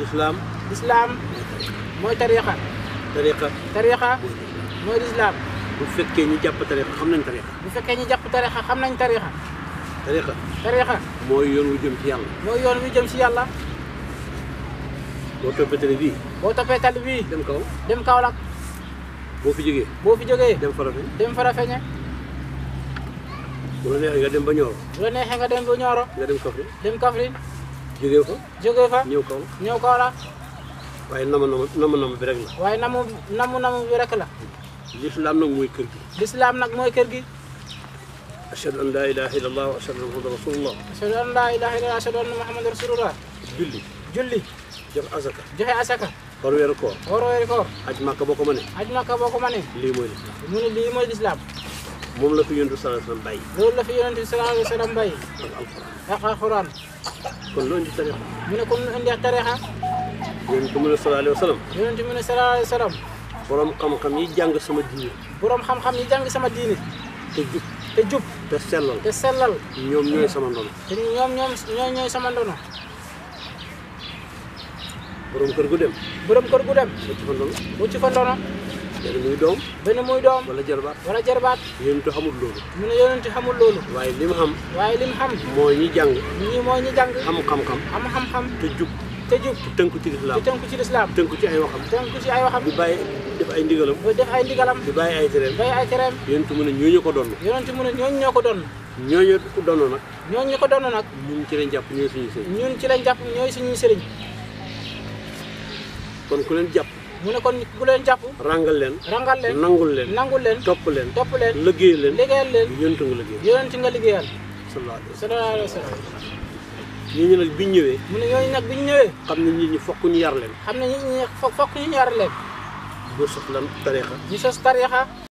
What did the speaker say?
Islam, Islam, moy tariqa tariqa tariqa moy Islam? bu fekke ñu japp tariqa xam nañ tariqa bu fekke ñu japp tariqa xam nañ tariqa tariqa tariqa moy yoon wu jëm ci yalla moy yoon wu jëm ci yalla bo topé tali bi bo topé tali bi dem kaw dem kaw lak bo fi jógee bo fi jógee dem rafé dem ñe bu la neexee nga dem ba ñoro bu la neexee nga dem ba ñoro nga dem kafri dem kafri jógee fa. jógee fa ñëw kaw ñëw kaw la. waaye namu namu namu bi julli. julli. joxe asaka. joxe asaka. war weeru koor. war weeru koor. aj màkka boo ko mënee. aj màkka boo ko mom la fi yonent bi sallallahu alayhi wa sallam bàyyi. la fi yonent bi sallallahu alayhi wa sallam bàyyi. ak alxuraan. kon lo indi tarixa. mune ne kon lu indi tarixa. yonent mune sallallahu alayhi wa sallam. yonent bi sallallahu alayhi wa sallam. borom xam-xam yi jang sama diini borom xam-xam yi jang sama diini te djub te djub te selal te selal ñom ñoy sama ndon te ñom ñom ñoy ñoy sama ndon borom kër gu dem. borom kër gu dem. wut ci fa ndon mu ci fa ndon benn muy doom benn muy doom wala jarbaat wala jarbaat yonentu xamul loolu mu ne yonentu xamul loolu waaye li mu xam waaye li mu xam mooy ñi jàng ñi mooy ñi jàng am xam-xam am xam-xam te jub te jub tënku ci lislaam te tënku ci lislaam tënku ci ay waxam tënku ci ay waxam di bàyyi def ay ndigalam di def ay ndigalam di bàyyi ay tereem bàyyi ay tereem yonentu mu ne ñooñu ko doon yonentu mu ne ñoo ko doon ñooñu ko doon nag ñooñu ko doon nag ñun ci lañ jàpp ñooy suñuy sëriñ ñun ci lañ jàpp ñooy suñuy sëriñ kon ku leen jàpp mu ne kon bu leen jàpp rangal leen rangal leen nangul leen nangul leen topp leen topp leen liggéeyal leen liggéeyal leen yonent nga liggéeyal yonent nga liggéeyal sallallahu alayhi wa sallam ñii ñu nag bi ñu ñëwee mu ne ñooñu nag bi ñëwee xam ne ñi ñu fokk ñu yar leen xam ne ñi ñi fokk ñu yar leen ñu sos lan tarixa ñu sos tarixa